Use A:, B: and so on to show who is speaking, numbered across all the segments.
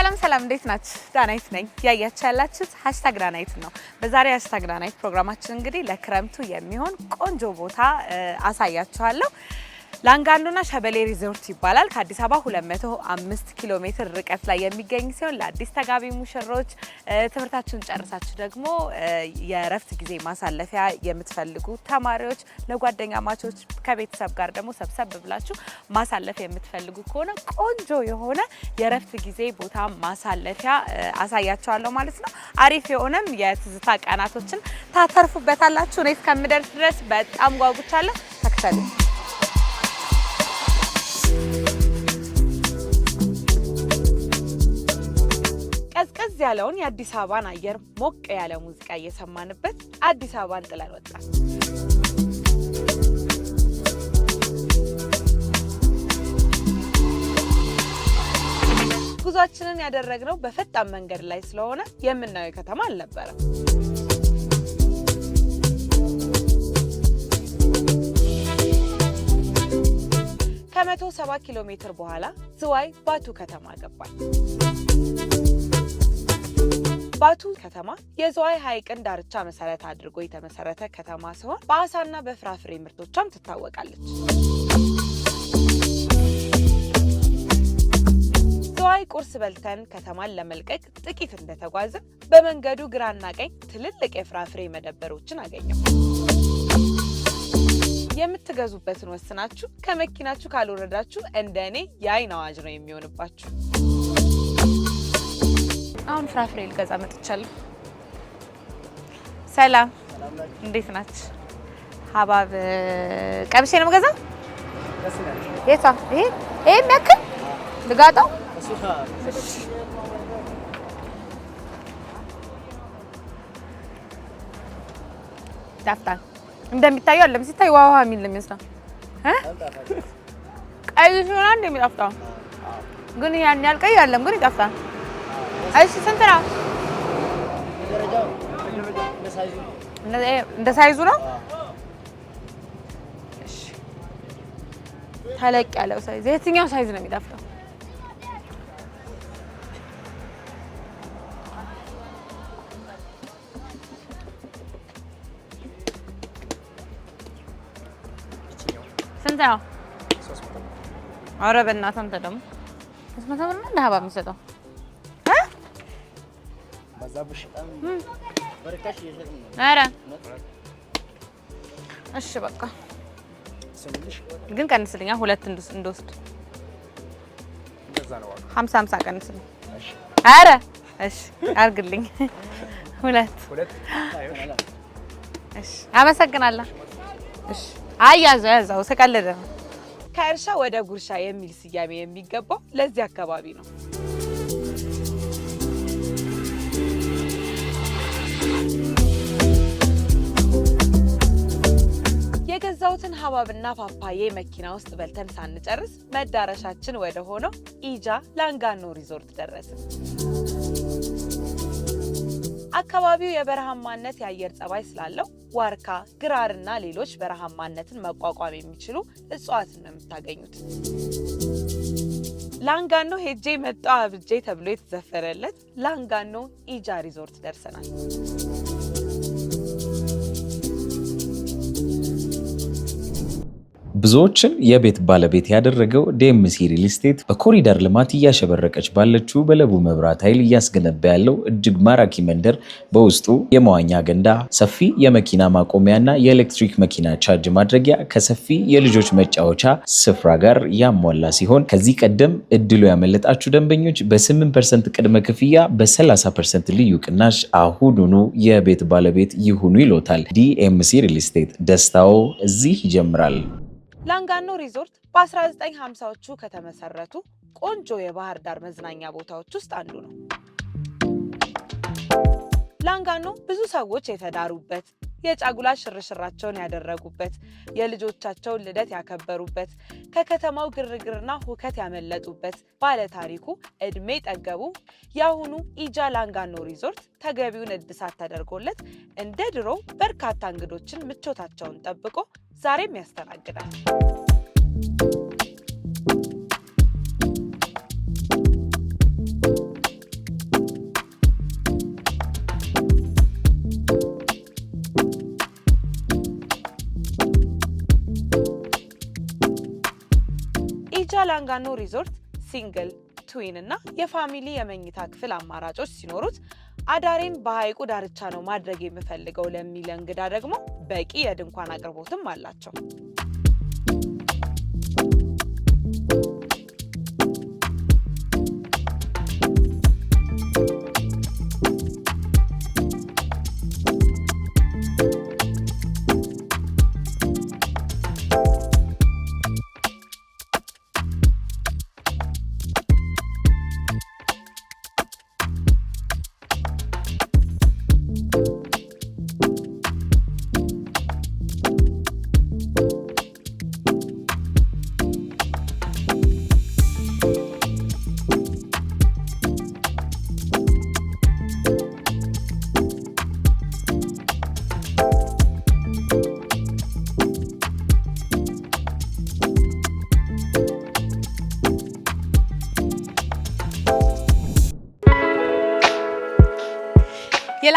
A: ሰላም ሰላም፣ እንዴት ናችሁ? ዳናይት ነኝ። ያያችሁ ያላችሁት ሀሽታግ ዳናይት ነው። በዛሬ ሀሽታግ ዳናይት ፕሮግራማችን እንግዲህ ለክረምቱ የሚሆን ቆንጆ ቦታ አሳያችኋለሁ። ላንጋኖና ሸበሌ ሪዞርት ይባላል። ከአዲስ አበባ 205 ኪሎ ሜትር ርቀት ላይ የሚገኝ ሲሆን ለአዲስ ተጋቢ ሙሽሮች፣ ትምህርታችሁን ጨርሳችሁ ደግሞ የእረፍት ጊዜ ማሳለፊያ የምትፈልጉ ተማሪዎች፣ ለጓደኛ ማቾች ከቤተሰብ ጋር ደግሞ ሰብሰብ ብላችሁ ማሳለፍ የምትፈልጉ ከሆነ ቆንጆ የሆነ የእረፍት ጊዜ ቦታ ማሳለፊያ አሳያችኋለሁ ማለት ነው። አሪፍ የሆነም የትዝታ ቀናቶችን ታተርፉበታላችሁ። እኔ እስከምደርስ ድረስ በጣም ጓጉቻለሁ። ተከተሉ። ያለውን የአዲስ አበባን አየር ሞቅ ያለ ሙዚቃ እየሰማንበት አዲስ አበባን ጥለን ወጣን። ጉዟችንን ያደረግነው በፈጣን መንገድ ላይ ስለሆነ የምናየው ከተማ አልነበረም። ከመቶ ሰባ ኪሎ ሜትር በኋላ ዝዋይ ባቱ ከተማ ገባል። ባቱ ከተማ የዝዋይ ሐይቅን ዳርቻ መሰረት አድርጎ የተመሰረተ ከተማ ሲሆን በአሳና በፍራፍሬ ምርቶቿም ትታወቃለች። ዝዋይ ቁርስ በልተን ከተማን ለመልቀቅ ጥቂት እንደተጓዘ በመንገዱ ግራና ቀኝ ትልልቅ የፍራፍሬ መደብሮችን አገኘው። የምትገዙበትን ወስናችሁ ከመኪናችሁ ካልወረዳችሁ እንደ እኔ የአይን አዋጅ ነው የሚሆንባችሁ። አሁን ፍራፍሬ ልገዛ መጥቻለሁ። ሰላም፣ እንዴት ናችሁ? ሀባብ ቀብሴ ነው የምገዛው። የቷ? ይሄ ይሄ የሚያክል ልጋጠው። ጣፍጣል እንደሚታየው አለም ሲታይ ዋው ዋው የሚል ነው የሚመስለው። ቀይ ሲሆን እንደሚጣፍጣው ግን ያን ያህል ቀይ አለም ግን ይጣፍጣል። እሺ ስንት ነው? እንደ ሳይዙ ነው። ተለቅ ያለው ሳይዝ የትኛው ሳይዝ ነው የሚጣፍጠው? ስንት ነው? ኧረ በእናትህ አንተ ደግሞ ስንት ነው እንደ ሀባ የሚሰጠው? ኧረ እሺ በቃ ግን ቀንስልኛ ሁለት እንደወስድ ሀምሳ ሀምሳ ቀንስልኝ። ኧረ እሺ አድርግልኝ ሁለት። እሺ አመሰግናለሁ። እሺ ያዘው ስቀልድ ነው። ከእርሻ ወደ ጉርሻ የሚል ስያሜ የሚገባው ለዚህ አካባቢ ነው። የገዛሁትን ሀባብና ፓፓዬ መኪና ውስጥ በልተን ሳንጨርስ መዳረሻችን ወደ ሆነው ኢጃ ላንጋኖ ሪዞርት ደረስን። አካባቢው የበረሃማነት የአየር ጸባይ ስላለው ዋርካ፣ ግራር እና ሌሎች በረሃማነትን መቋቋም የሚችሉ እጽዋትን ነው የምታገኙት። ላንጋኖ ሄጄ መጣ አብጄ ተብሎ የተዘፈረለት ላንጋኖ ኢጃ ሪዞርት ደርሰናል።
B: ብዙዎችን የቤት ባለቤት ያደረገው ዴምሲ ሪል ስቴት በኮሪደር ልማት እያሸበረቀች ባለችው በለቡ መብራት ኃይል እያስገነባ ያለው እጅግ ማራኪ መንደር በውስጡ የመዋኛ ገንዳ፣ ሰፊ የመኪና ማቆሚያና የኤሌክትሪክ መኪና ቻርጅ ማድረጊያ ከሰፊ የልጆች መጫወቻ ስፍራ ጋር ያሟላ ሲሆን ከዚህ ቀደም እድሉ ያመለጣችሁ ደንበኞች በ8 ፐርሰንት ቅድመ ክፍያ በ30 ፐርሰንት ልዩ ቅናሽ አሁኑኑ የቤት ባለቤት ይሁኑ ይሎታል። ዲኤምሲ ሪል ስቴት ደስታው እዚህ ይጀምራል።
A: ላንጋኖ ሪዞርት በ1950ዎቹ ከተመሰረቱ ቆንጆ የባህር ዳር መዝናኛ ቦታዎች ውስጥ አንዱ ነው። ላንጋኖ ብዙ ሰዎች የተዳሩበት፣ የጫጉላ ሽርሽራቸውን ያደረጉበት፣ የልጆቻቸውን ልደት ያከበሩበት፣ ከከተማው ግርግርና ሁከት ያመለጡበት ባለታሪኩ ዕድሜ ጠገቡ የአሁኑ ኢጃ ላንጋኖ ሪዞርት ተገቢውን እድሳት ተደርጎለት እንደ ድሮ በርካታ እንግዶችን ምቾታቸውን ጠብቆ ዛሬም ያስተናግዳል። ኢጃላንጋኖ ሪዞርት ሲንግል፣ ትዊን እና የፋሚሊ የመኝታ ክፍል አማራጮች ሲኖሩት አዳሬን በሐይቁ ዳርቻ ነው ማድረግ የምፈልገው ለሚል እንግዳ ደግሞ በቂ የድንኳን አቅርቦትም አላቸው።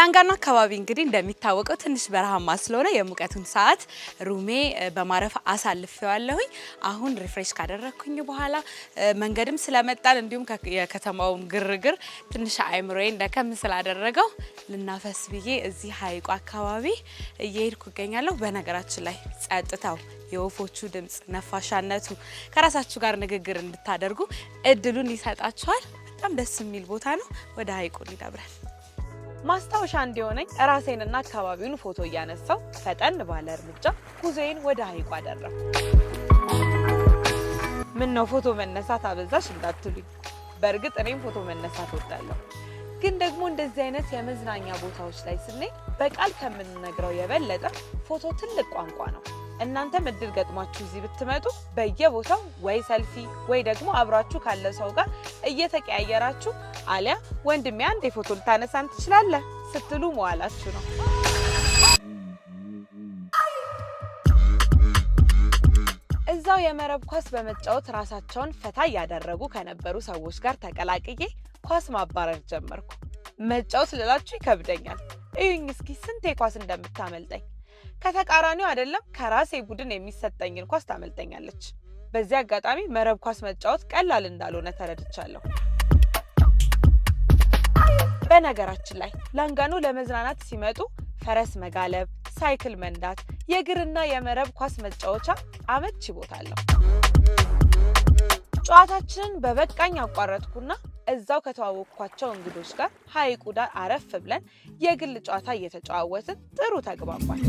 A: ላንጋኖ አካባቢ እንግዲህ እንደሚታወቀው ትንሽ በረሃማ ስለሆነ የሙቀቱን ሰዓት ሩሜ በማረፍ አሳልፌዋለሁኝ። አሁን ሪፍሬሽ ካደረግኩኝ በኋላ መንገድም ስለመጣን እንዲሁም የከተማውን ግርግር ትንሽ አይምሮዬን ደከም ስላደረገው ልናፈስ ብዬ እዚህ ሀይቁ አካባቢ እየሄድኩ ይገኛለሁ። በነገራችን ላይ ጸጥታው፣ የወፎቹ ድምፅ፣ ነፋሻነቱ ከራሳችሁ ጋር ንግግር እንድታደርጉ እድሉን ይሰጣችኋል። በጣም ደስ የሚል ቦታ ነው። ወደ ሀይቁ ይዳብራል። ማስታወሻ እንዲሆነኝ ራሴንና አካባቢውን ፎቶ እያነሳው ፈጠን ባለ እርምጃ ጉዞዬን ወደ ሀይቁ አደረኩ። ምን ነው ፎቶ መነሳት አበዛሽ እንዳትሉኝ፣ በእርግጥ እኔም ፎቶ መነሳት ወዳለሁ። ግን ደግሞ እንደዚህ አይነት የመዝናኛ ቦታዎች ላይ ስንሄድ በቃል ከምንነግረው የበለጠ ፎቶ ትልቅ ቋንቋ ነው። እናንተም እድል ገጥማችሁ እዚህ ብትመጡ በየቦታው ወይ ሰልፊ ወይ ደግሞ አብራችሁ ካለ ሰው ጋር እየተቀያየራችሁ አሊያ ወንድሜ አንድ የፎቶ ልታነሳን ትችላለህ ስትሉ መዋላችሁ ነው። እዛው የመረብ ኳስ በመጫወት ራሳቸውን ፈታ እያደረጉ ከነበሩ ሰዎች ጋር ተቀላቅዬ ኳስ ማባረር ጀመርኩ። መጫወት ልላችሁ ይከብደኛል። እዩኝ እስኪ ስንቴ ኳስ እንደምታመልጠኝ። ከተቃራኒው አይደለም ከራሴ ቡድን የሚሰጠኝን ኳስ ታመልጠኛለች። በዚህ አጋጣሚ መረብ ኳስ መጫወት ቀላል እንዳልሆነ ተረድቻለሁ። በነገራችን ላይ ላንጋኖ ለመዝናናት ሲመጡ ፈረስ መጋለብ፣ ሳይክል መንዳት፣ የእግርና የመረብ ኳስ መጫወቻ አመቺ ቦታ አለው። ጨዋታችንን በበቃኝ አቋረጥኩና እዛው ከተዋወቅኳቸው እንግዶች ጋር ሐይቁ ዳር አረፍ ብለን የግል ጨዋታ እየተጨዋወትን ጥሩ ተግባባል።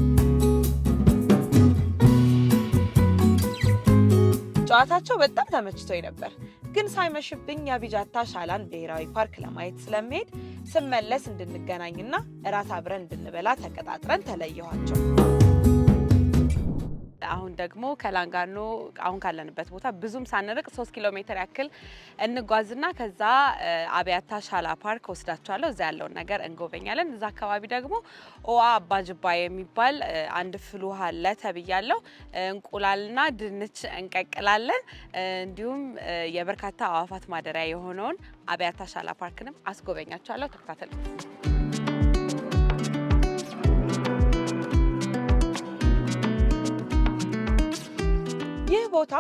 A: ጨዋታቸው በጣም ተመችቶኝ ነበር። ግን ሳይመሽብኝ የአቢጃታ ሻላን ብሔራዊ ፓርክ ለማየት ስለመሄድ ስመለስ እንድንገናኝና እራት አብረን እንድንበላ ተቀጣጥረን ተለየኋቸው። አሁን ደግሞ ከላንጋኖ አሁን ካለንበት ቦታ ብዙም ሳንርቅ ሶስት ኪሎ ሜትር ያክል እንጓዝና ከዛ አብያታ ሻላ ፓርክ ወስዳቸዋለሁ። እዛ ያለውን ነገር እንጎበኛለን። እዛ አካባቢ ደግሞ ኦዋ አባጅባ የሚባል አንድ ፍልውሃ አለ ተብያለሁ። እንቁላልና ድንች እንቀቅላለን። እንዲሁም የበርካታ አዋፋት ማደሪያ የሆነውን አብያታ ሻላ ፓርክንም አስጎበኛችኋለሁ። ተከታተሉ። ይህ ቦታ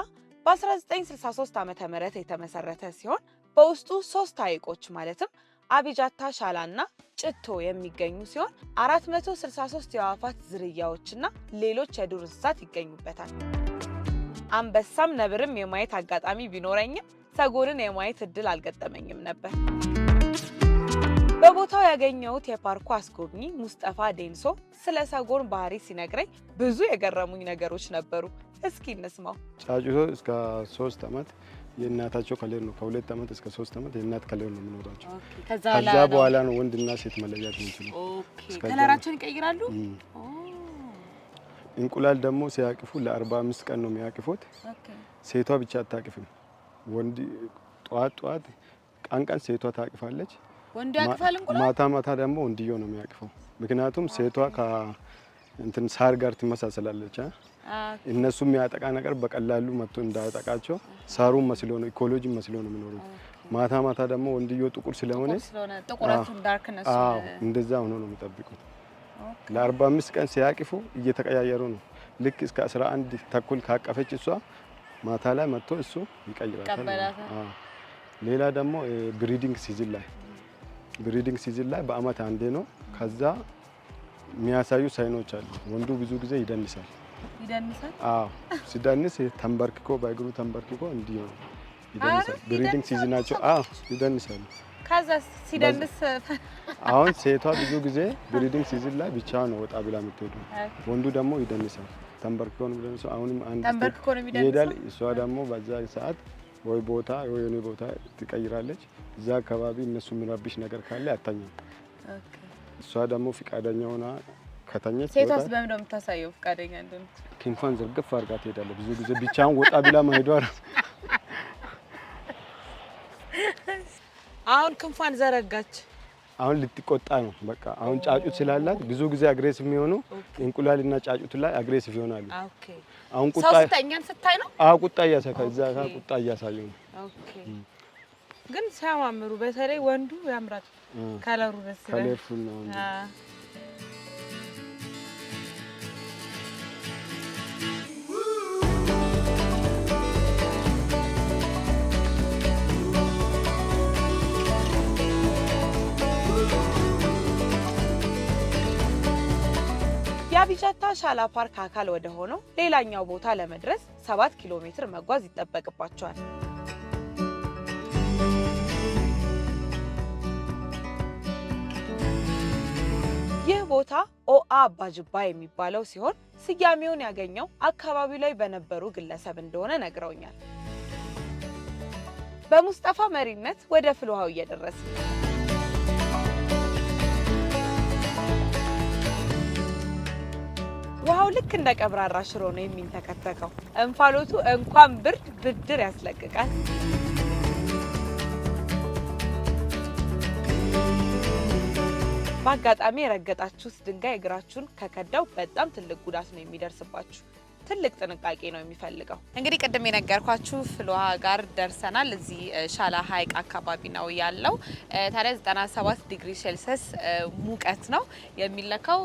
A: በ1963 ዓ ም የተመሰረተ ሲሆን በውስጡ ሶስት ሐይቆች ማለትም አቢጃታ ሻላ እና ጭቶ የሚገኙ ሲሆን 463 የአዕዋፋት ዝርያዎችና ሌሎች የዱር እንስሳት ይገኙበታል። አንበሳም ነብርም የማየት አጋጣሚ ቢኖረኝም ሰጎንን የማየት እድል አልገጠመኝም ነበር። በቦታው ያገኘሁት የፓርኩ አስጎብኚ ሙስጠፋ ዴንሶ ስለ ሰጎን ባህሪ ሲነግረኝ ብዙ የገረሙኝ ነገሮች ነበሩ። እስኪ እንስማው።
C: ጫጩቶ እስከ ሶስት ዓመት የእናታቸው ከሌር ነው። ከሁለት ዓመት እስከ ሶስት ዓመት የእናት ከሌር ነው የሚኖራቸው።
A: ከዛ በኋላ
C: ነው ወንድና ሴት መለያት የሚችሉ። ከለራቸውን ይቀይራሉ። እንቁላል ደግሞ ሲያቅፉ ለ45 ቀን ነው የሚያቅፉት። ሴቷ ብቻ አታቅፍም። ወንድ ጠዋት ጠዋት ቀን ቀን ሴቷ ታቅፋለች፣ ማታ ማታ ደግሞ ወንድየው ነው የሚያቅፈው። ምክንያቱም ሴቷ እንትን ሳር ጋር ትመሳሰላለች። እነሱ የሚያጠቃ ነገር በቀላሉ መጥቶ እንዳያጠቃቸው ሳሩ መስሎ ነው፣ ኢኮሎጂ መስሎ ነው የሚኖሩት። ማታ ማታ ደግሞ ወንድዮ ጥቁር ስለሆነ እንደዛ ሆኖ ነው የሚጠብቁት። ለአርባ አምስት ቀን ሲያቅፉ እየተቀያየሩ ነው። ልክ እስከ አስራ አንድ ተኩል ካቀፈች እሷ ማታ ላይ መጥቶ እሱ ይቀይራታል። ሌላ ደግሞ ብሪዲንግ ሲዝን ላይ ብሪዲንግ ሲዝን ላይ በአመት አንዴ ነው ከዛ የሚያሳዩ ሳይኖች አሉ። ወንዱ ብዙ ጊዜ ይደንሳል ይደንሳል። አዎ ሲደንስ ተንበርክኮ በእግሩ ተንበርክኮ እንዲህ ነው ይደንሳል። ብሪዲንግ ሲዝናቸው አዎ ይደንሳሉ።
A: ከዛ ሲደንስ
C: አሁን ሴቷ ብዙ ጊዜ ብሪዲንግ ሲዝን ላይ ብቻ ነው ወጣ ብላ የምትሄዱ፣ ወንዱ ደግሞ ይደንሳል። ተንበርክኮ ነው የሚደንሰው። አሁንም አንድ ተንበርክኮ ነው የሚደንሰው ይሄዳል። እሷ ደግሞ በዛ ሰዓት ወይ ቦታ ወይ የሆነ ቦታ ትቀይራለች። እዛ አካባቢ እነሱ የሚረብሽ ነገር ካለ አታኛም። እሷ ደግሞ ፍቃደኛ ሆና ከተኛች ሴቷስ
A: በምን ነው የምታሳየው ፍቃደኛ እንደሆነች?
C: ክንፏን ዘርግፍ አድርጋ ትሄዳለች። ብዙ ጊዜ ብቻውን ወጣ ቢላ መሄዷ
A: አሁን ክንፏን ዘረጋች።
C: አሁን ልትቆጣ ነው በቃ። አሁን ጫጩት ስላላት ብዙ ጊዜ አግሬሲቭ የሚሆኑ እንቁላልና ጫጩት ላይ አግሬሲቭ ይሆናሉ።
A: ኦኬ አሁን ቁጣ ነው። ቁጣ
C: ቁጣ እያሳዩ ነው።
A: ግን ሲያማምሩ፣ በተለይ ወንዱ ያምራል። ከለሩ ደስ ከለርፉል ነው። ሻላ ፓርክ አካል ወደ ሆነው ሌላኛው ቦታ ለመድረስ ሰባት ኪሎ ሜትር መጓዝ ይጠበቅባቸዋል። ይህ ቦታ ኦአ አባጅባ የሚባለው ሲሆን ስያሜውን ያገኘው አካባቢው ላይ በነበሩ ግለሰብ እንደሆነ ነግረውኛል። በሙስጠፋ መሪነት ወደ ፍልውሃው እየደረስ ውሃው ልክ እንደ ቀብራራ ሽሮ ነው የሚንተከተከው። እንፋሎቱ እንኳን ብርድ ብድር ያስለቅቃል። በአጋጣሚ የረገጣችሁት ድንጋይ እግራችሁን ከከዳው በጣም ትልቅ ጉዳት ነው የሚደርስባችሁ። ትልቅ ጥንቃቄ ነው የሚፈልገው። እንግዲህ ቅድም የነገርኳችሁ ፍልውሃ ጋር ደርሰናል። እዚህ ሻላ ሀይቅ አካባቢ ነው ያለው። ታዲያ 97 ዲግሪ ሴልሲየስ ሙቀት ነው የሚለካው።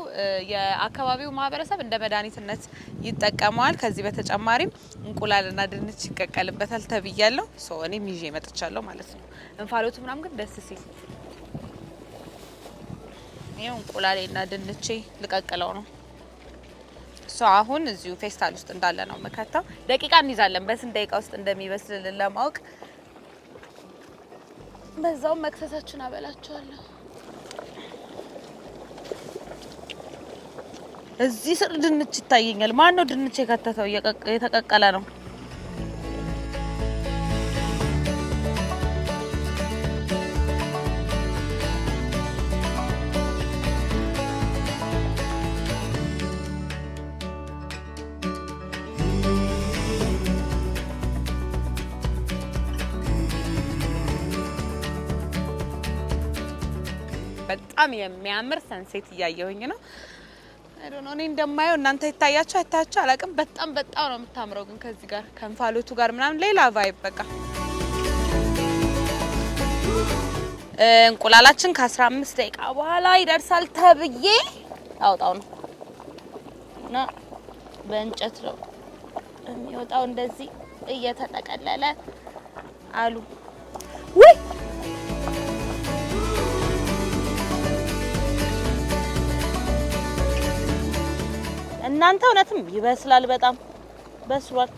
A: የአካባቢው ማህበረሰብ እንደ መድኃኒትነት ይጠቀመዋል። ከዚህ በተጨማሪም እንቁላልና ድንች ይቀቀልበታል ተብያለሁ። እኔም ይዤ መጥቻለሁ ማለት ነው። እንፋሎቱ ምናምን ግን ደስ ሲል ይኸው እንቁላሌና ድንቼ ልቀቅለው ነው ሶ አሁን እዚሁ ፌስታል ውስጥ እንዳለ ነው የምከተው። ደቂቃ እንይዛለን በስንት ደቂቃ ውስጥ እንደሚበስልን ለማወቅ። በዛውም መክሰሳችን አበላቸዋለሁ። እዚህ ስር ድንች ይታየኛል። ማን ነው ድንች የከተተው? የተቀቀለ ነው በጣም የሚያምር ሰንሴት እያየሁኝ ነው። እኔ እንደማየው እናንተ ይታያችሁ አይታያችሁ አላቅም። በጣም በጣም ነው የምታምረው፣ ግን ከዚህ ጋር ከእንፋሎቱ ጋር ምናምን ሌላ ቫይብ በቃ። እንቁላላችን ከ15 ደቂቃ በኋላ ይደርሳል ተብዬ አውጣው ነው እና በእንጨት ነው የሚወጣው እንደዚህ እየተጠቀለለ አሉ ወይ እናንተ እውነትም ይበስላል። በጣም በስሏል።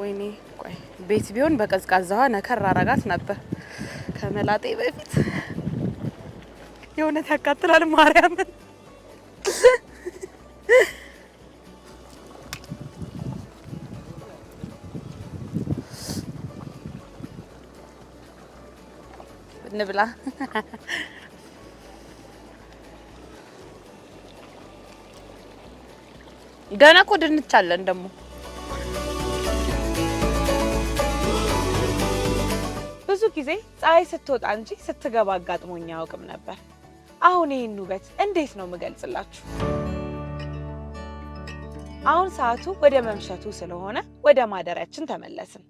A: ወይኔ ቆይ ቤት ቢሆን በቀዝቃዛ ውሃ ነከር አረጋት ነበር ከመላጤ በፊት። የእውነት ያቃጥላል ማርያምን እንብላ። ገና እኮ ድንች አለን ደግሞ ብዙ ጊዜ ፀሐይ ስትወጣ እንጂ ስትገባ አጋጥሞኝ አያውቅም ነበር። አሁን ይህን ውበት እንዴት ነው የምገልጽላችሁ? አሁን ሰዓቱ ወደ መምሸቱ ስለሆነ ወደ ማደሪያችን ተመለስን።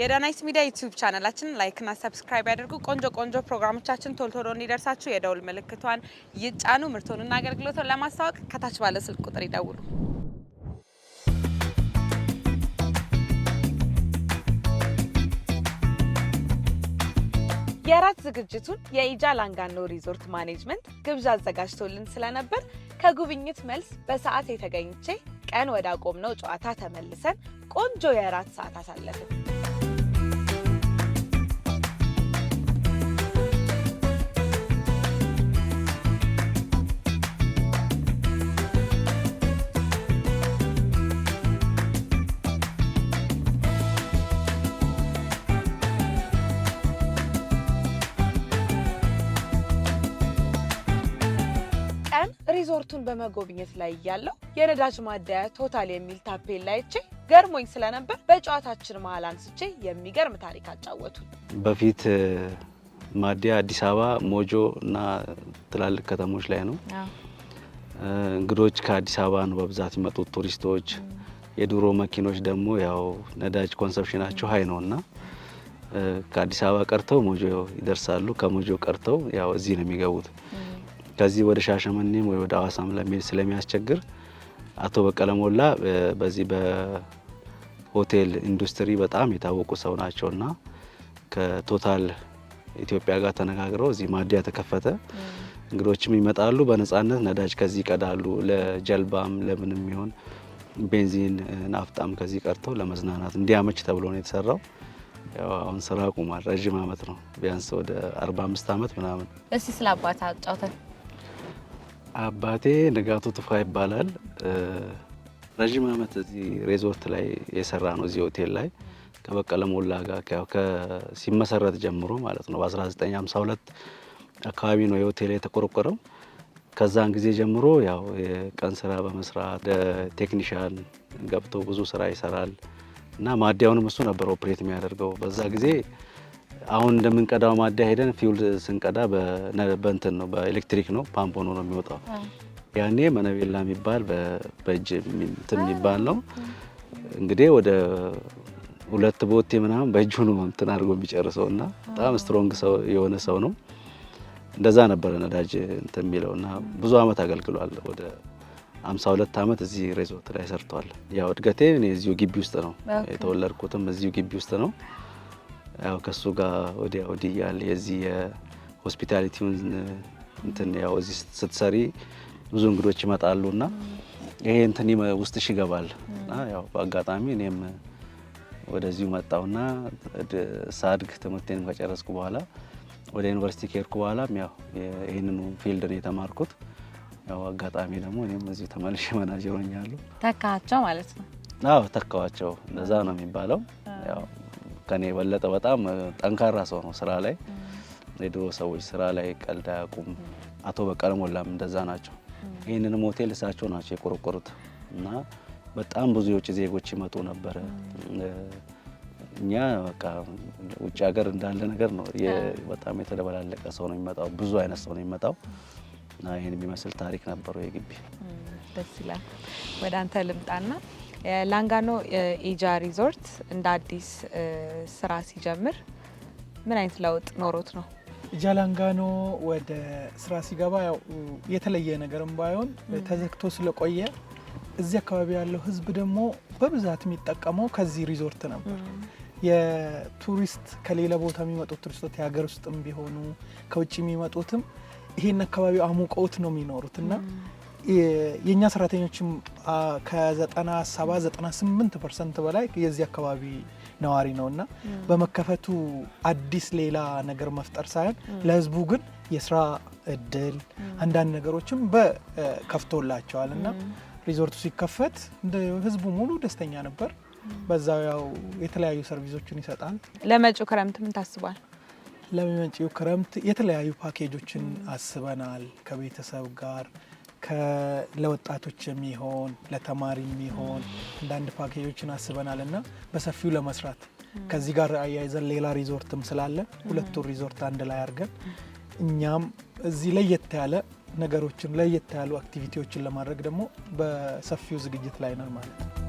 A: የዳናይት ሚዲያ ዩቲዩብ ቻናላችን ላይክና ሰብስክራይብ ያደርጉ። ቆንጆ ቆንጆ ፕሮግራሞቻችን ቶልቶሎ እንዲደርሳችሁ የደውል ምልክቷን ይጫኑ። ምርቶንና አገልግሎትን ለማስታወቅ ከታች ባለ ስልክ ቁጥር ይደውሉ። የራት ዝግጅቱን የኢጃ ላንጋኖ ሪዞርት ማኔጅመንት ግብዣ አዘጋጅቶልን ስለነበር ከጉብኝት መልስ በሰዓት የተገኝቼ ቀን ወደ አቆምነው ጨዋታ ተመልሰን ቆንጆ የራት ሰዓት አሳለፍን። ሪዞርቱን በመጎብኘት ላይ እያለሁ የነዳጅ ማደያ ቶታል የሚል ታፔላ ላይ አይቼ ገርሞኝ ስለነበር በጨዋታችን መሀል አንስቼ የሚገርም ታሪክ አጫወቱ።
B: በፊት ማደያ አዲስ አበባ፣ ሞጆ እና ትላልቅ ከተሞች ላይ ነው። እንግዶች ከአዲስ አበባ ነው በብዛት የመጡት ቱሪስቶች። የድሮ መኪኖች ደግሞ ያው ነዳጅ ኮንሰፕሽናቸው ሀይ ነው እና ከአዲስ አበባ ቀርተው ሞጆ ይደርሳሉ። ከሞጆ ቀርተው ያው እዚህ ነው የሚገቡት። ከዚህ ወደ ሻሸመኔም ወይ ወደ አዋሳም ለመሄድ ስለሚያስቸግር አቶ በቀለ ሞላ በዚህ በሆቴል ኢንዱስትሪ በጣም የታወቁ ሰው እና ከቶታል ኢትዮጵያ ጋር ተነጋግረው እዚህ ማደያ ተከፈተ። እንግዶችም ይመጣሉ፣ በነፃነት ነዳጅ ከዚህ ይቀዳሉ። ለጀልባም ለምንም ይሆን ቤንዚን ናፍጣም ከዚህ ቀርቶ ለመዝናናት እንዲያመች ተብሎ ነው የተሰራው። አሁን ስራ ቁሟል። ረዥም አመት ነው ቢያንስ ወደ 45 አመት ምናምን።
A: እስቲ ስለ አባት አጫውተን።
B: አባቴ ንጋቱ ትፋ ይባላል። ረዥም ዓመት እዚህ ሬዞርት ላይ የሰራ ነው። እዚህ ሆቴል ላይ ከበቀለ ሞላ ጋር ሲመሰረት ጀምሮ ማለት ነው። በ1952 አካባቢ ነው የሆቴል የተቆረቆረው። ከዛን ጊዜ ጀምሮ ያው የቀን ስራ በመስራት ቴክኒሽያን ገብቶ ብዙ ስራ ይሰራል እና ማዲያውንም እሱ ነበር ኦፕሬት የሚያደርገው በዛ ጊዜ አሁን እንደምንቀዳው ማደያ ሄደን ፊውል ስንቀዳ በእንትን ነው በኤሌክትሪክ ነው ፓምፕ ሆኖ ነው የሚወጣው። ያኔ መነቤላ የሚባል በእጅ እንትን የሚባል ነው እንግዲህ ወደ ሁለት ቦቴ ምናምን በእጁ ነው እንትን አድርጎ የሚጨርሰው እና በጣም ስትሮንግ የሆነ ሰው ነው። እንደዛ ነበረ ነዳጅ እንትን የሚለው እና ብዙ አመት አገልግሏል። ወደ 52 አመት እዚህ ሬዞርት ላይ ሰርቷል። ያው እድገቴ እኔ እዚሁ ግቢ ውስጥ ነው የተወለድኩትም እዚሁ ግቢ ውስጥ ነው። ያው ከእሱ ጋር ወዲያ ወዲህ እያለ የዚህ የሆስፒታሊቲውን እንትን ያው እዚህ ስትሰሪ ብዙ እንግዶች ይመጣሉ እና ይሄ እንትን ውስጥሽ ይገባል ያው በአጋጣሚ እኔም ወደዚሁ መጣሁና ሳድግ ትምህርቴን ከጨረስኩ በኋላ ወደ ዩኒቨርሲቲ ከሄድኩ በኋላም ያው ይህንኑ ፊልድ ነው የተማርኩት። ያው አጋጣሚ ደግሞ እኔም እዚሁ ተመልሼ መናጀሮኛሉ።
A: ተካቸው ማለት ነው?
B: አዎ ተካዋቸው፣ እንደዛ ነው የሚባለው ያው ከኔ የበለጠ በጣም ጠንካራ ሰው ነው ስራ ላይ። የድሮ ሰዎች ስራ ላይ ቀልድ አያውቁም። አቶ በቀለ ሞላም እንደዛ ናቸው። ይህንንም ሆቴል እሳቸው ናቸው የቆረቆሩት እና በጣም ብዙ የውጭ ዜጎች ይመጡ ነበረ። እኛ በቃ ውጭ ሀገር እንዳለ ነገር ነው። በጣም የተደበላለቀ ሰው ነው የሚመጣው፣ ብዙ አይነት ሰው ነው የሚመጣው እና ይህን የሚመስል ታሪክ ነበረው የግቢ።
A: ደስ ይላል። ወደ አንተ ልምጣና የላንጋኖ ኢጃ ሪዞርት እንደ አዲስ ስራ ሲጀምር ምን አይነት ለውጥ ኖሮት ነው?
D: ኢጃ ላንጋኖ ወደ ስራ ሲገባ ያው የተለየ ነገርም ባይሆን ተዘግቶ ስለቆየ እዚህ አካባቢ ያለው ህዝብ ደግሞ በብዛት የሚጠቀመው ከዚህ ሪዞርት ነበር። የቱሪስት ከሌላ ቦታ የሚመጡት ቱሪስቶች የሀገር ውስጥም ቢሆኑ ከውጭ የሚመጡትም ይህን አካባቢ አሙቀውት ነው የሚኖሩት እና የእኛ ሰራተኞችም ከ9798 ፐርሰንት በላይ የዚህ አካባቢ ነዋሪ ነው እና በመከፈቱ አዲስ ሌላ ነገር መፍጠር ሳይሆን ለህዝቡ ግን የስራ እድል አንዳንድ ነገሮችም በከፍቶላቸዋል እና ሪዞርቱ ሲከፈት ህዝቡ ሙሉ ደስተኛ ነበር። በዛው ያው የተለያዩ ሰርቪሶችን ይሰጣል።
A: ለመጪው ክረምት ምን ታስቧል?
D: ለመጪው ክረምት የተለያዩ ፓኬጆችን አስበናል ከቤተሰብ ጋር ለወጣቶች የሚሆን ለተማሪ የሚሆን አንዳንድ ፓኬጆችን አስበናል እና በሰፊው ለመስራት ከዚህ ጋር አያይዘን ሌላ ሪዞርትም ስላለ ሁለቱን ሪዞርት አንድ ላይ አድርገን እኛም እዚህ ለየት ያለ ነገሮችን ለየት ያሉ አክቲቪቲዎችን ለማድረግ ደግሞ በሰፊው ዝግጅት ላይ ነን ማለት ነው።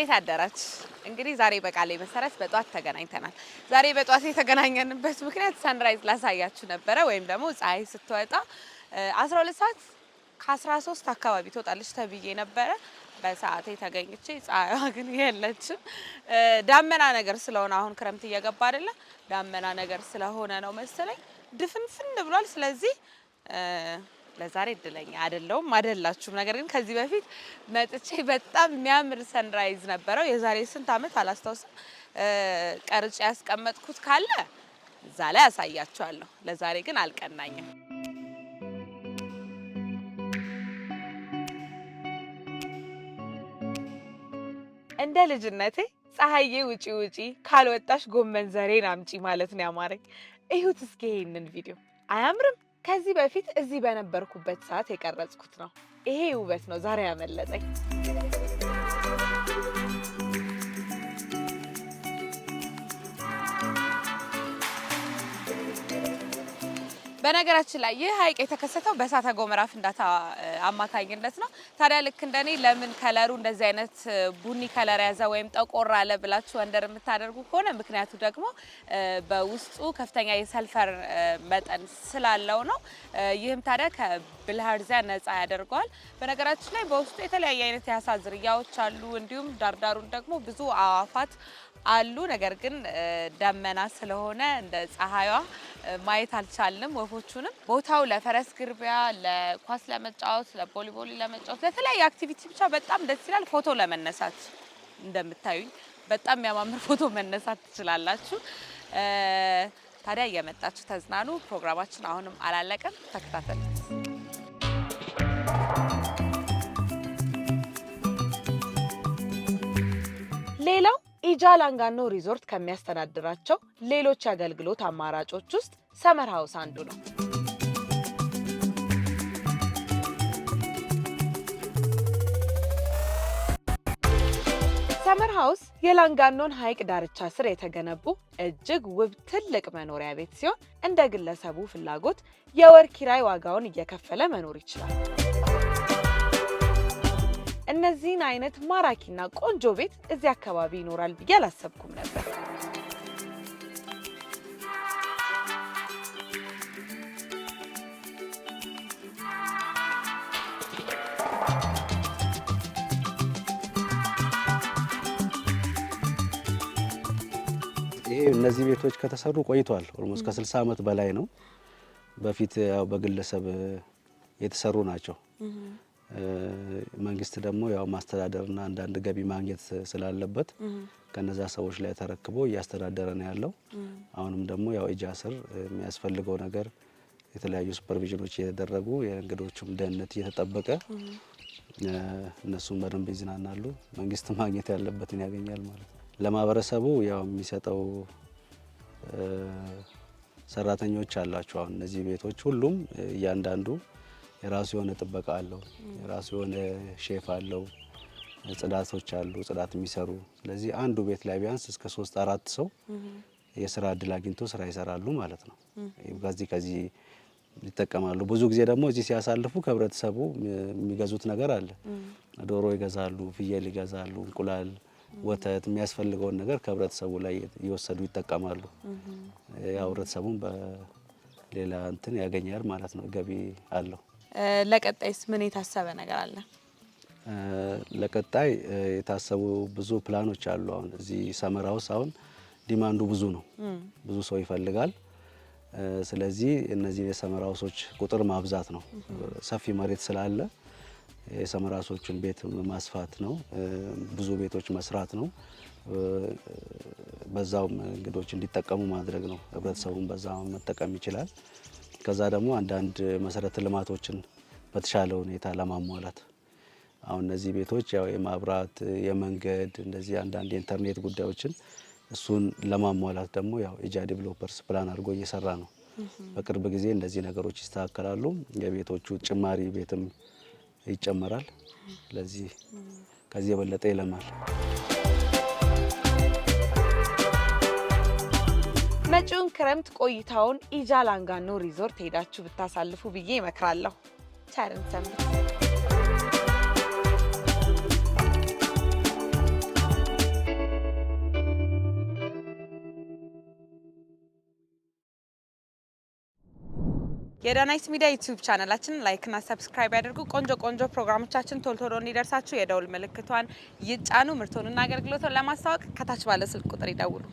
A: እንዴት አደራች? እንግዲህ ዛሬ በቃሌ መሰረት በጧት ተገናኝተናል። ዛሬ በጧት የተገናኘንበት ምክንያት ሰንራይዝ ላሳያችሁ ነበረ፣ ወይም ደግሞ ፀሐይ ስትወጣ 12 ሰዓት ከ13 አካባቢ ትወጣለች ተብዬ ነበረ። በሰዓቴ ተገኝቼ ፀሐይዋ ግን የለችም። ዳመና ነገር ስለሆነ አሁን ክረምት እየገባ አይደለ? ዳመና ነገር ስለሆነ ነው መሰለኝ ድፍንፍን ብሏል። ስለዚህ ለዛሬ እድለኛ አይደለሁም አይደላችሁም። ነገር ግን ከዚህ በፊት መጥቼ በጣም የሚያምር ሰንራይዝ ነበረው። የዛሬ ስንት አመት አላስታውስም። ቀርጬ ያስቀመጥኩት ካለ እዛ ላይ አሳያችኋለሁ። ለዛሬ ግን አልቀናኝም። እንደ ልጅነቴ ፀሐዬ ውጪ ውጪ ካልወጣሽ ጎመን ዘሬን አምጪ ማለት ነው ያማረኝ። እዩት እስኪ ይሄንን ቪዲዮ አያምርም? ከዚህ በፊት እዚህ በነበርኩበት ሰዓት የቀረጽኩት ነው። ይሄ ውበት ነው ዛሬ ያመለጠኝ። በነገራችን ላይ ይህ ሀይቅ የተከሰተው በእሳተ ገሞራ ፍንዳታ አማካኝነት ነው። ታዲያ ልክ እንደኔ ለምን ከለሩ እንደዚህ አይነት ቡኒ ከለር ያዘ ወይም ጠቆር አለ ብላችሁ ወንደር የምታደርጉ ከሆነ ምክንያቱ ደግሞ በውስጡ ከፍተኛ የሰልፈር መጠን ስላለው ነው። ይህም ታዲያ ከብልሃርዚያ ነፃ ያደርገዋል። በነገራችን ላይ በውስጡ የተለያየ አይነት የአሳ ዝርያዎች አሉ። እንዲሁም ዳርዳሩን ደግሞ ብዙ አዋፋት አሉ። ነገር ግን ደመና ስለሆነ እንደ ፀሐይዋ ማየት አልቻልንም ወፎቹንም። ቦታው ለፈረስ ግርቢያ፣ ለኳስ ለመጫወት፣ ለቮሊቦል ለመጫወት፣ ለተለያየ አክቲቪቲ ብቻ በጣም ደስ ይላል። ፎቶ ለመነሳት እንደምታዩኝ በጣም የሚያማምር ፎቶ መነሳት ትችላላችሁ። ታዲያ እየመጣችሁ ተዝናኑ። ፕሮግራማችን አሁንም አላለቀም፣ ተከታተሉ። ሌላው ኢጃላንጋኖ ሪዞርት ከሚያስተዳድራቸው ሌሎች የአገልግሎት አማራጮች ውስጥ ሰመር ሀውስ አንዱ ነው። ሰመር ሀውስ የላንጋኖን ሐይቅ ዳርቻ ስር የተገነቡ እጅግ ውብ ትልቅ መኖሪያ ቤት ሲሆን እንደ ግለሰቡ ፍላጎት የወር ኪራይ ዋጋውን እየከፈለ መኖር ይችላል። እነዚህን አይነት ማራኪና ቆንጆ ቤት እዚህ አካባቢ ይኖራል ብዬ አላሰብኩም ነበር።
B: ይሄ እነዚህ ቤቶች ከተሰሩ ቆይተዋል። ኦልሞስት ከ60 ዓመት በላይ ነው። በፊት ያው በግለሰብ የተሰሩ ናቸው። መንግስት ደግሞ ያው ማስተዳደርና አንዳንድ ገቢ ማግኘት ስላለበት ከነዛ ሰዎች ላይ ተረክቦ እያስተዳደረ ነው ያለው። አሁንም ደግሞ ያው ኢጃ ስር የሚያስፈልገው ነገር የተለያዩ ሱፐርቪዥኖች እየተደረጉ የእንግዶቹም ደህንነት እየተጠበቀ እነሱም በደንብ ይዝናናሉ። መንግስት ማግኘት ያለበትን ያገኛል ማለት ነው። ለማህበረሰቡ ያው የሚሰጠው ሰራተኞች አሏቸው። አሁን እነዚህ ቤቶች ሁሉም እያንዳንዱ የራሱ የሆነ ጥበቃ አለው፣ የራሱ የሆነ ሼፍ አለው፣ ጽዳቶች አሉ፣ ጽዳት የሚሰሩ ስለዚህ አንዱ ቤት ላይ ቢያንስ እስከ ሶስት አራት ሰው የስራ እድል አግኝቶ ስራ ይሰራሉ ማለት ነው። ከዚህ ከዚህ ይጠቀማሉ። ብዙ ጊዜ ደግሞ እዚህ ሲያሳልፉ ከህብረተሰቡ የሚገዙት ነገር አለ። ዶሮ ይገዛሉ፣ ፍየል ይገዛሉ፣ እንቁላል፣ ወተት የሚያስፈልገውን ነገር ከህብረተሰቡ ላይ እየወሰዱ ይጠቀማሉ። ያው ህብረተሰቡን በሌላ እንትን ያገኛል ማለት ነው፣ ገቢ አለው።
A: ለቀጣይስ ምን የታሰበ ነገር አለ?
B: ለቀጣይ የታሰቡ ብዙ ፕላኖች አሉ። አሁን እዚህ ሰመራ ውስጥ አሁን ዲማንዱ ብዙ ነው፣ ብዙ ሰው ይፈልጋል። ስለዚህ እነዚህ የሰመራ ውሶች ቁጥር ማብዛት ነው። ሰፊ መሬት ስላለ የሰመራ ውሶችን ቤት ማስፋት ነው፣ ብዙ ቤቶች መስራት ነው። በዛውም እንግዶች እንዲጠቀሙ ማድረግ ነው። ህብረተሰቡን በዛ መጠቀም ይችላል። ከዛ ደግሞ አንዳንድ መሰረተ ልማቶችን በተሻለ ሁኔታ ለማሟላት አሁን እነዚህ ቤቶች ያው የማብራት የመንገድ እንደዚህ አንዳንድ የኢንተርኔት ጉዳዮችን እሱን ለማሟላት ደግሞ ያው ኢጃ ዲቨሎፐርስ ፕላን አድርጎ እየሰራ ነው። በቅርብ ጊዜ እንደዚህ ነገሮች ይስተካከላሉ። የቤቶቹ ጭማሪ ቤትም ይጨመራል። ስለዚህ ከዚህ የበለጠ ይለማል።
A: መጪውን ክረምት ቆይታውን ኢጃላንጋኖ ሪዞርት ሄዳችሁ ብታሳልፉ ብዬ እመክራለሁ። ቸርን ሰንብት። የዳናይት ሚዲያ ዩቲዩብ ቻናላችን ላይክና ሰብስክራይብ ያደርጉ። ቆንጆ ቆንጆ ፕሮግራሞቻችን ቶልቶሎ እንዲደርሳችሁ የደውል ምልክቷን ይጫኑ። ምርቶንና አገልግሎቶን ለማስታወቅ
C: ከታች ባለ ስልክ ቁጥር ይደውሉ።